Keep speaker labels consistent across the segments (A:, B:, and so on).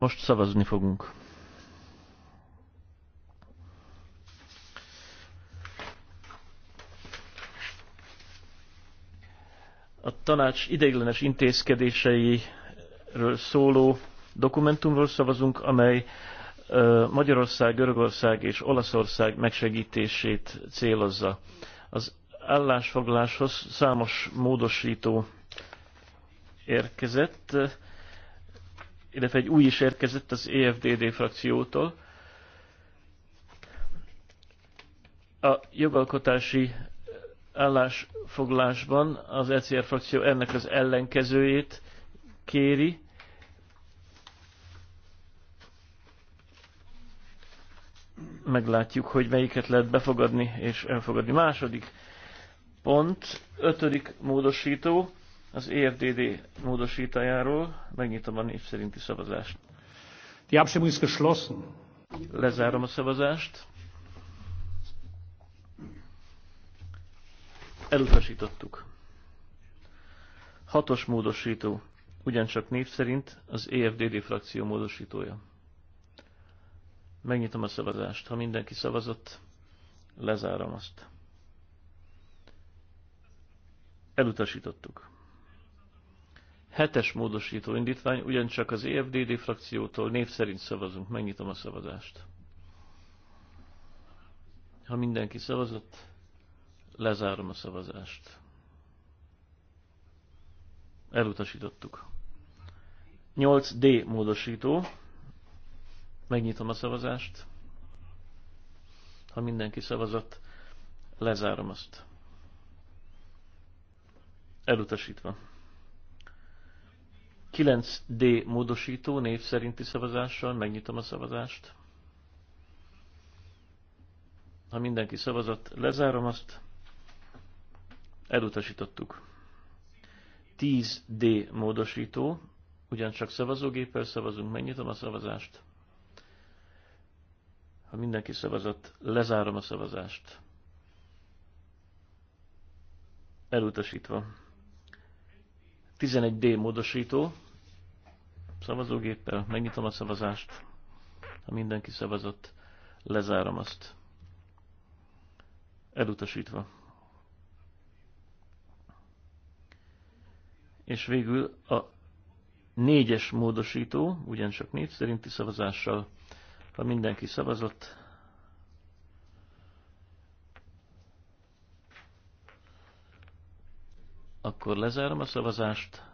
A: Most szavazni fogunk. A tanács ideiglenes intézkedéseiről szóló dokumentumról szavazunk, amely Magyarország, Görögország és Olaszország megsegítését célozza. Az állásfoglaláshoz számos módosító érkezett illetve egy új is érkezett az EFDD frakciótól. A jogalkotási állásfoglásban az ECR frakció ennek az ellenkezőjét kéri. Meglátjuk, hogy melyiket lehet befogadni és elfogadni. Második pont, ötödik módosító az EFDD módosítájáról. Megnyitom a név szerinti szavazást. Die Abstimmung ist geschlossen. Lezárom a szavazást. Elutasítottuk. Hatos módosító, ugyancsak név szerint az EFDD frakció módosítója. Megnyitom a szavazást. Ha mindenki szavazott, lezárom azt. Elutasítottuk. Hetes módosító indítvány, ugyancsak az EFDD frakciótól név szerint szavazunk. Megnyitom a szavazást. Ha mindenki szavazott, lezárom a szavazást. Elutasítottuk. 8D módosító. Megnyitom a szavazást. Ha mindenki szavazott, lezárom azt. Elutasítva. 9D módosító név szerinti szavazással megnyitom a szavazást. Ha mindenki szavazott, lezárom azt. Elutasítottuk. 10D módosító, ugyancsak szavazógéppel szavazunk, megnyitom a szavazást. Ha mindenki szavazott, lezárom a szavazást. Elutasítva. 11D módosító, szavazógéppel, megnyitom a szavazást, ha mindenki szavazott, lezárom azt. Elutasítva. És végül a négyes módosító, ugyancsak négy szerinti szavazással, ha mindenki szavazott, akkor lezárom a szavazást,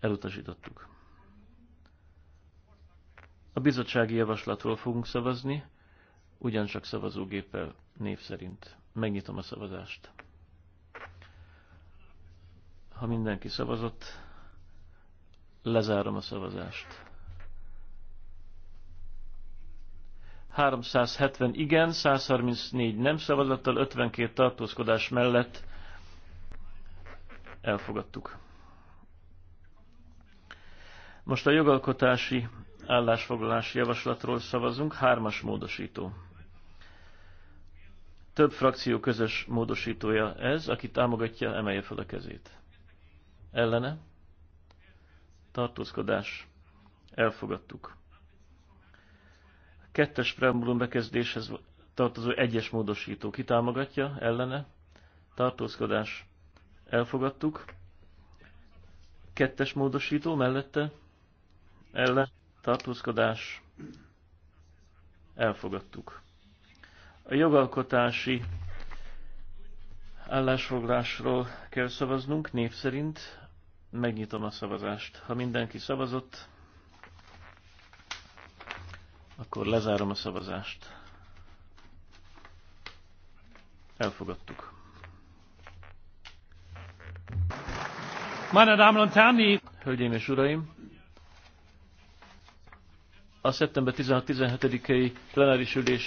A: elutasítottuk. A bizottsági javaslatról fogunk szavazni, ugyancsak szavazógéppel név szerint. Megnyitom a szavazást. Ha mindenki szavazott, lezárom a szavazást. 370 igen, 134 nem szavazattal, 52 tartózkodás mellett elfogadtuk. Most a jogalkotási állásfoglalási javaslatról szavazunk. Hármas módosító. Több frakció közös módosítója ez, aki támogatja, emelje fel a kezét. Ellene? Tartózkodás. Elfogadtuk. A kettes preambulum bekezdéshez tartozó egyes módosító kitámogatja, ellene? Tartózkodás. Elfogadtuk. Kettes módosító mellette? Ellen? tartózkodás, elfogadtuk. A jogalkotási állásfoglásról kell szavaznunk név szerint. Megnyitom a szavazást. Ha mindenki szavazott, akkor lezárom a szavazást. Elfogadtuk. Meine Damen und Herren, Hölgyeim és Uraim, a szeptember 16-17-i plenáris ülés